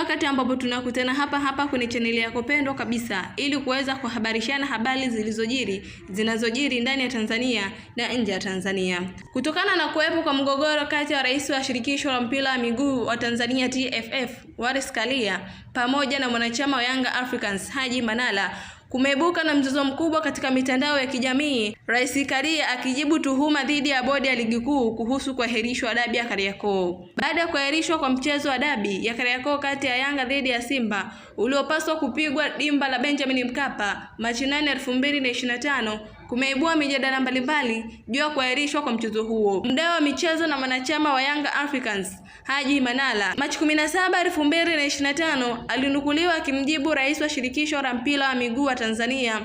wakati ambapo tunakutana hapa hapa kwenye chaneli yako pendwa kabisa, ili kuweza kuhabarishana habari zilizojiri zinazojiri ndani ya Tanzania na nje ya Tanzania. Kutokana na kuwepo kwa mgogoro kati ya rais wa shirikisho la mpira wa miguu wa Tanzania TFF Wallace Karia pamoja na mwanachama wa Yanga Africans Haji Manala Kumeibuka na mzozo mkubwa katika mitandao ya kijamii, Rais Karia akijibu tuhuma dhidi ya bodi ya ligi kuu kuhusu kuahirishwa dabi ya Kariakoo. Baada ya kuahirishwa kwa mchezo wa dabi ya Kariakoo kati ya Yanga dhidi ya Simba uliopaswa kupigwa dimba la Benjamin Mkapa Machi 8, 2025 kumeibua mijadala mbalimbali juu ya kuahirishwa kwa mchezo huo. Mdau wa michezo na mwanachama wa Young Africans Haji Manala Machi 17, 2025 alinukuliwa akimjibu rais wa shirikisho la mpira wa miguu wa Tanzania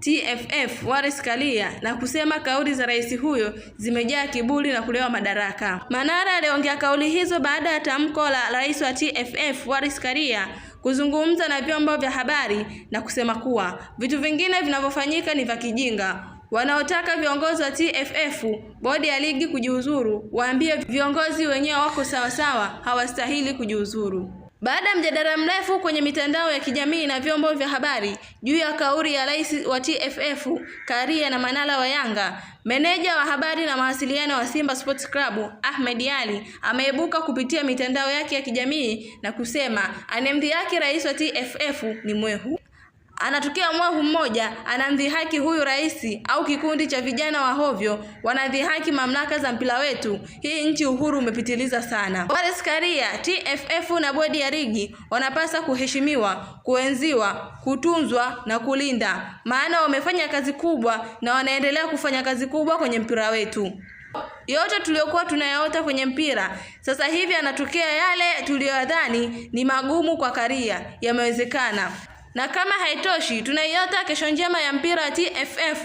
TFF Wallace Karia na kusema kauli za rais huyo zimejaa kiburi na kulewa madaraka. Manara aliongea kauli hizo baada ya tamko la rais wa TFF Wallace Karia kuzungumza na vyombo vya habari na kusema kuwa vitu vingine vinavyofanyika ni vya kijinga. Wanaotaka viongozi wa TFF, bodi ya ligi kujiuzuru, waambie viongozi wenyewe wako sawasawa, hawastahili kujiuzuru. Baada ya mjadala mrefu kwenye mitandao ya kijamii na vyombo vya habari juu ya kauli ya rais wa TFF Karia na Manala wa Yanga, meneja wa habari na mawasiliano wa Simba Sports Club Ahmed Ali ameibuka kupitia mitandao yake ya kijamii na kusema anemdhi yake rais wa TFF ni mwehu. Anatokea mwahu mmoja anamdhihaki huyu rais au kikundi cha vijana wa hovyo wanadhihaki mamlaka za mpira wetu. Hii nchi uhuru umepitiliza sana. Wallace Karia, TFF na bodi ya ligi wanapasa kuheshimiwa, kuenziwa, kutunzwa na kulinda, maana wamefanya kazi kubwa na wanaendelea kufanya kazi kubwa kwenye mpira wetu. Yote tuliyokuwa tunayaota kwenye mpira sasa hivi anatokea yale tuliyoyadhani ni magumu kwa Karia yamewezekana. Na kama haitoshi, tunaiota kesho njema ya mpira wa TFF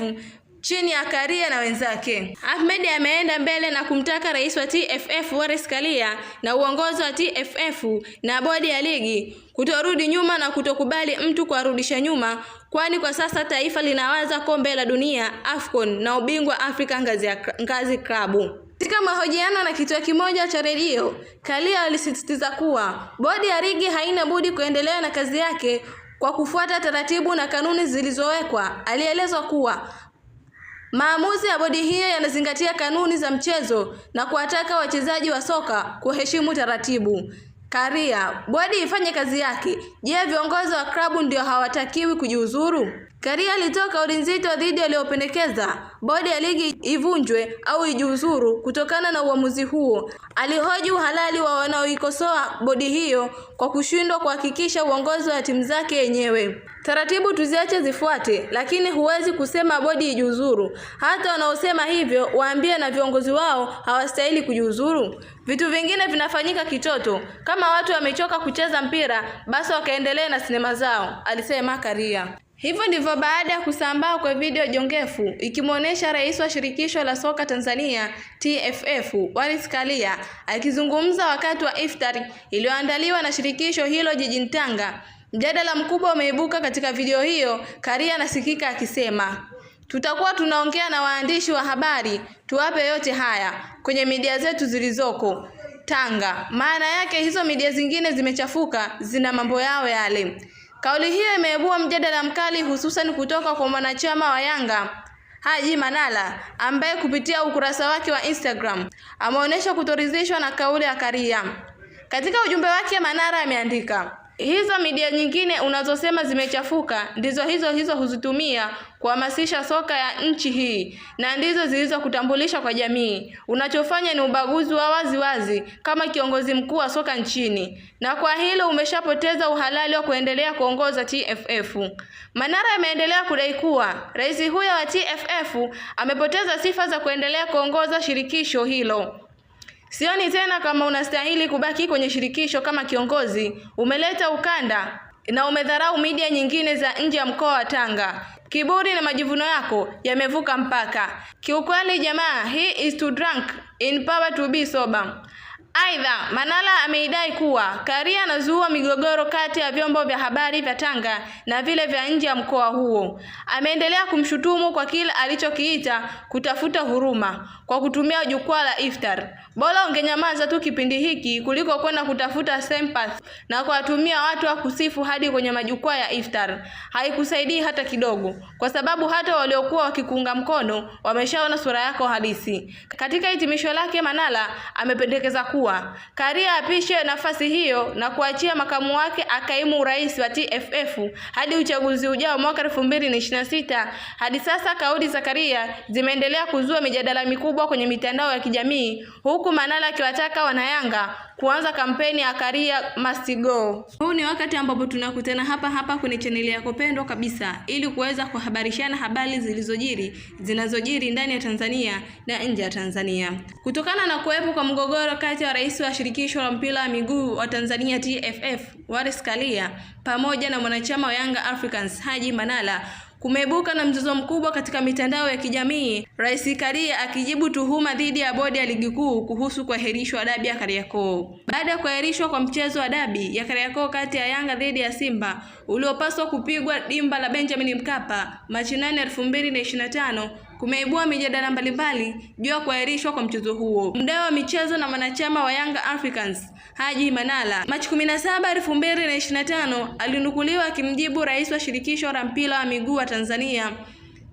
chini ya Karia na wenzake. Ahmed ameenda mbele na kumtaka rais wa TFF Wallace Karia na uongozi wa TFF na bodi ya ligi kutorudi nyuma na kutokubali mtu kuwarudisha nyuma, kwani kwa sasa taifa linawaza kombe la dunia AFCON na ubingwa Afrika ngazi ya ngazi klabu. Katika mahojiano na kituo kimoja cha redio, Karia alisisitiza kuwa bodi ya ligi haina budi kuendelea na kazi yake kwa kufuata taratibu na kanuni zilizowekwa. Alielezwa kuwa maamuzi ya bodi hiyo yanazingatia kanuni za mchezo na kuwataka wachezaji wa soka kuheshimu taratibu. Karia, bodi ifanye kazi yake. Je, viongozi wa klabu ndio hawatakiwi kujiuzuru? Karia alitoa kauli nzito dhidi aliyopendekeza bodi ya ligi ivunjwe au ijiuzuru kutokana na uamuzi huo. Alihoji uhalali wa wanaoikosoa bodi hiyo kwa kushindwa kuhakikisha uongozi wa timu zake yenyewe. Taratibu tuziache zifuate, lakini huwezi kusema bodi ijiuzuru. Hata wanaosema hivyo waambie na viongozi wao hawastahili kujiuzuru. Vitu vingine vinafanyika kitoto. Kama watu wamechoka kucheza mpira, basi wakaendelee na sinema zao, alisema Karia. Hivyo ndivyo baada ya kusambaa kwa video jongefu ikimwonyesha rais wa shirikisho la soka Tanzania TFF Wallace Karia akizungumza wakati wa iftari iliyoandaliwa na shirikisho hilo jijini Tanga. Mjadala mkubwa umeibuka katika video hiyo, Karia anasikika akisema tutakuwa tunaongea na waandishi wa habari, tuwape yote haya kwenye media zetu zilizoko Tanga. Maana yake hizo media zingine zimechafuka, zina mambo yao yale. Kauli hiyo imeibua mjadala mkali, hususan kutoka kwa mwanachama wa Yanga Haji Manala ambaye kupitia ukurasa wake wa Instagram ameonyesha kutoridhishwa na kauli ya Karia. Katika ujumbe wake, Manara ameandika Hizo media nyingine unazosema zimechafuka ndizo hizo hizo huzitumia kuhamasisha soka ya nchi hii na ndizo zilizokutambulisha kwa jamii. Unachofanya ni ubaguzi wa wazi wazi kama kiongozi mkuu wa soka nchini, na kwa hilo umeshapoteza uhalali wa kuendelea kuongoza TFF. Manara ameendelea kudai kuwa rais huyo wa TFF amepoteza sifa za kuendelea kuongoza shirikisho hilo. Sioni tena kama unastahili kubaki kwenye shirikisho kama kiongozi. Umeleta ukanda na umedharau media nyingine za nje ya mkoa wa Tanga. Kiburi na majivuno yako yamevuka mpaka. Kiukweli jamaa, he is too drunk in power to be sober. Aidha, Manala ameidai kuwa Karia anazuua migogoro kati ya vyombo vya habari vya Tanga na vile vya nje ya mkoa huo. Ameendelea kumshutumu kwa kile alichokiita kutafuta huruma kwa kutumia jukwaa la Iftar. Bora ungenyamaza tu kipindi hiki kuliko kwenda kutafuta sympathy na kuwatumia watu wa kusifu hadi kwenye majukwaa ya Iftar. Haikusaidii hata kidogo, kwa sababu hata waliokuwa wakikuunga mkono wameshaona sura yako halisi. Katika hitimisho lake, Manala amependekeza kuwa kuwa Karia apishe nafasi hiyo na kuachia makamu wake akaimu urais wa TFF hadi uchaguzi ujao mwaka sita. Hadi sasa kauli za Karia zimeendelea kuzua mijadala mikubwa kwenye mitandao ya kijamii huku Manala akiwataka wanayanga kuanza kampeni ya Karia must go. Huu ni wakati ambapo tunakutana hapa hapa kwenye chaneli yako pendwa kabisa ili kuweza kuhabarishana habari zilizojiri zinazojiri ndani ya Tanzania na nje ya Tanzania kutokana na kuwepo kwa mgogoro kati ya rais wa shirikisho la mpira wa miguu wa Tanzania TFF Wallace Karia pamoja na mwanachama wa Yanga Africans Haji Manara kumeibuka na mzozo mkubwa katika mitandao ya kijamii, Rais Karia akijibu tuhuma dhidi ya bodi ya ligi kuu kuhusu kuahirishwa dabi ya Kariakoo. Baada ya kuahirishwa kwa mchezo wa dabi ya Kariakoo kati ya Yanga dhidi ya Simba uliopaswa kupigwa dimba la Benjamin Mkapa Machi 8, 2025 kumeibua mijadala mbalimbali juu ya kuahirishwa kwa mchezo huo. Mdau wa michezo na mwanachama wa Young Africans Haji Manala Machi 17, 2025 alinukuliwa akimjibu rais wa shirikisho la mpira wa miguu wa Tanzania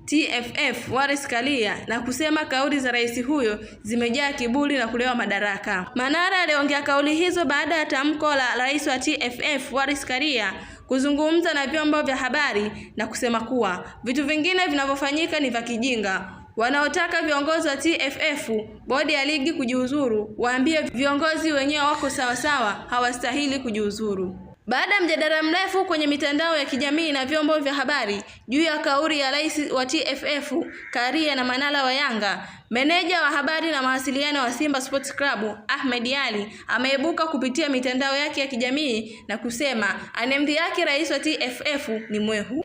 TFF Wallace Karia na kusema kauli za rais huyo zimejaa kiburi na kulewa madaraka. Manara aliongea kauli hizo baada ya tamko la rais wa TFF Wallace Karia kuzungumza na vyombo vya habari na kusema kuwa vitu vingine vinavyofanyika ni vya kijinga wanaotaka viongozi wa TFF bodi ya ligi kujiuzuru waambie viongozi wenyewe wako sawasawa, hawastahili kujiuzuru. Baada ya mjadala mrefu kwenye mitandao ya kijamii na vyombo vya habari juu ya kauli ya rais wa TFF Karia na Manala wa Yanga, meneja wa habari na mawasiliano wa Simba Sports Club Ahmed Ali ameibuka kupitia mitandao yake ya kijamii na kusema anemdhi yake rais wa TFF ni mwehu.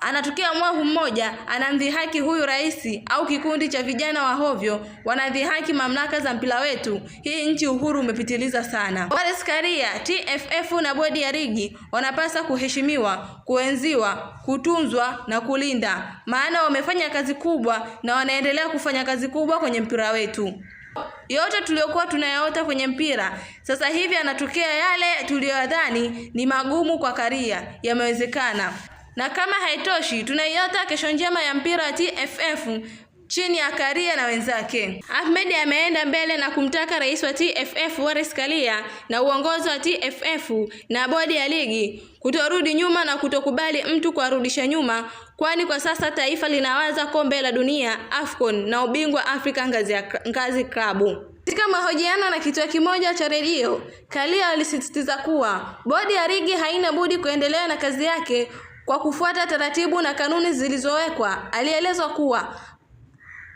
Anatokea mwahu mmoja anamdhihaki huyu rais au kikundi cha vijana wa hovyo wanadhihaki mamlaka za mpira wetu. Hii nchi uhuru umepitiliza sana. Wallace Karia, TFF na bodi ya ligi wanapasa kuheshimiwa, kuenziwa, kutunzwa na kulinda, maana wamefanya kazi kubwa na wanaendelea kufanya kazi kubwa kwenye mpira wetu. Yote tuliyokuwa tunayaota kwenye mpira sasa hivi anatokea yale tuliyodhani ni magumu kwa Karia yamewezekana. Na kama haitoshi, tunaiota kesho njema ya mpira wa TFF chini ya Karia na wenzake. Ahmed ameenda mbele na kumtaka rais wa TFF Wallace Karia na uongozi wa TFF na bodi ya ligi kutorudi nyuma na kutokubali mtu kuwarudisha nyuma, kwani kwa sasa taifa linawaza kombe la dunia AFCON na ubingwa Afrika ngazi ya ngazi klabu. Katika mahojiano na kituo kimoja cha redio, Karia alisisitiza kuwa bodi ya ligi haina budi kuendelea na kazi yake kwa kufuata taratibu na kanuni zilizowekwa. Alielezwa kuwa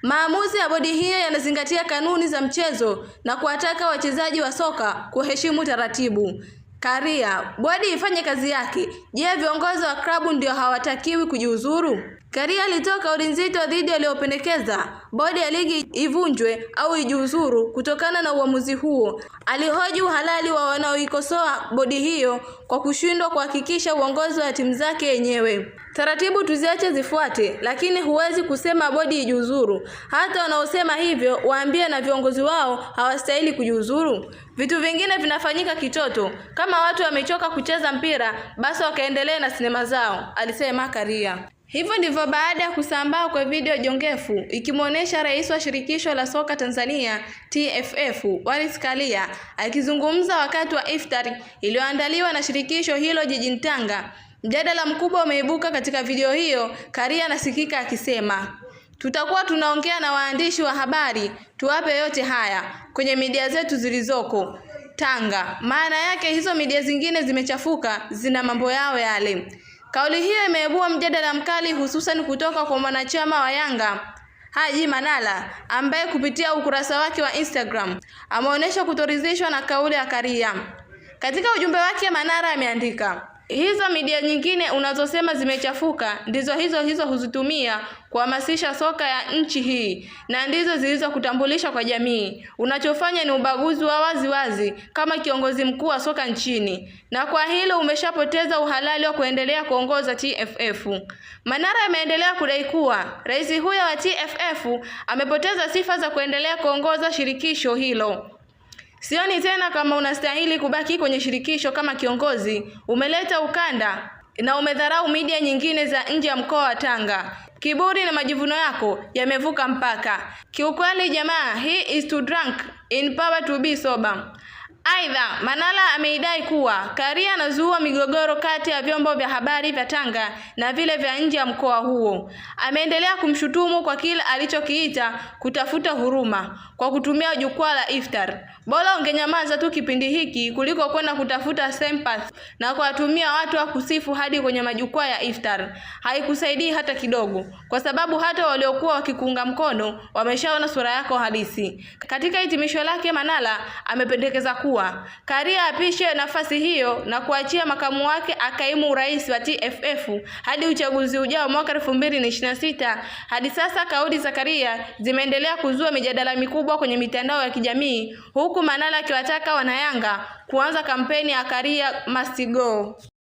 maamuzi ya bodi hiyo yanazingatia kanuni za mchezo na kuwataka wachezaji wa soka kuheshimu taratibu. Karia, bodi ifanye kazi yake. Je, viongozi wa klabu ndio hawatakiwi kujiuzuru? Karia alitoa kauli nzito dhidi aliyopendekeza bodi ya ligi ivunjwe au ijiuzuru kutokana na uamuzi huo. Alihoji uhalali wa wanaoikosoa bodi hiyo kwa kushindwa kuhakikisha uongozi wa timu zake yenyewe. Taratibu tuziache zifuate, lakini huwezi kusema bodi ijiuzuru. Hata wanaosema hivyo waambie na viongozi wao hawastahili kujiuzuru. Vitu vingine vinafanyika kitoto. Kama watu wamechoka kucheza mpira, basi wakaendelee na sinema zao, alisema Karia. Hivyo ndivyo baada ya kusambaa kwa video jongefu ikimwonyesha rais wa shirikisho la soka Tanzania TFF Wallace Karia akizungumza wakati wa iftari iliyoandaliwa na shirikisho hilo jijini Tanga. Mjadala mkubwa umeibuka katika video hiyo, Karia anasikika akisema, tutakuwa tunaongea na waandishi wa habari, tuwape yote haya kwenye media zetu zilizoko Tanga. Maana yake hizo media zingine zimechafuka, zina mambo yao yale. Kauli hiyo imeibua mjadala mkali, hususan kutoka kwa mwanachama wa Yanga Haji Manala ambaye kupitia ukurasa wake wa Instagram ameonyesha kutoridhishwa na kauli ya Karia. Katika ujumbe wake, Manara ameandika Hizo media nyingine unazosema zimechafuka ndizo hizo hizo huzitumia kuhamasisha soka ya nchi hii na ndizo zilizokutambulisha kwa jamii. Unachofanya ni ubaguzi wa wazi wazi kama kiongozi mkuu wa soka nchini, na kwa hilo umeshapoteza uhalali wa kuendelea kuongoza TFF. Manara ameendelea kudai kuwa rais huyo wa TFF amepoteza sifa za kuendelea kuongoza shirikisho hilo. Sioni tena kama unastahili kubaki kwenye shirikisho kama kiongozi. Umeleta ukanda na umedharau media nyingine za nje ya mkoa wa Tanga. Kiburi na majivuno yako yamevuka mpaka. Kiukweli jamaa, he is too drunk in power to be sober. Aidha, Manala ameidai kuwa Karia anazuua migogoro kati ya vyombo vya habari vya Tanga na vile vya nje ya mkoa huo. Ameendelea kumshutumu kwa kile alichokiita kutafuta huruma kwa kutumia jukwaa la Iftar. Bora ungenyamaza tu kipindi hiki kuliko kwenda kutafuta sympathy na kuwatumia watu wa kusifu hadi kwenye majukwaa ya Iftar. Haikusaidii hata kidogo, kwa sababu hata waliokuwa wakikuunga mkono wameshaona sura yako halisi. Katika hitimisho lake, Manala amependekeza kuwa kuwa Karia apishe nafasi hiyo na kuachia makamu wake akaimu urais wa TFF hadi uchaguzi ujao mwaka 2026. Hadi sasa kauli za Karia zimeendelea kuzua mijadala mikubwa kwenye mitandao ya kijamii huku Manala akiwataka wanayanga kuanza kampeni ya Karia Must Go.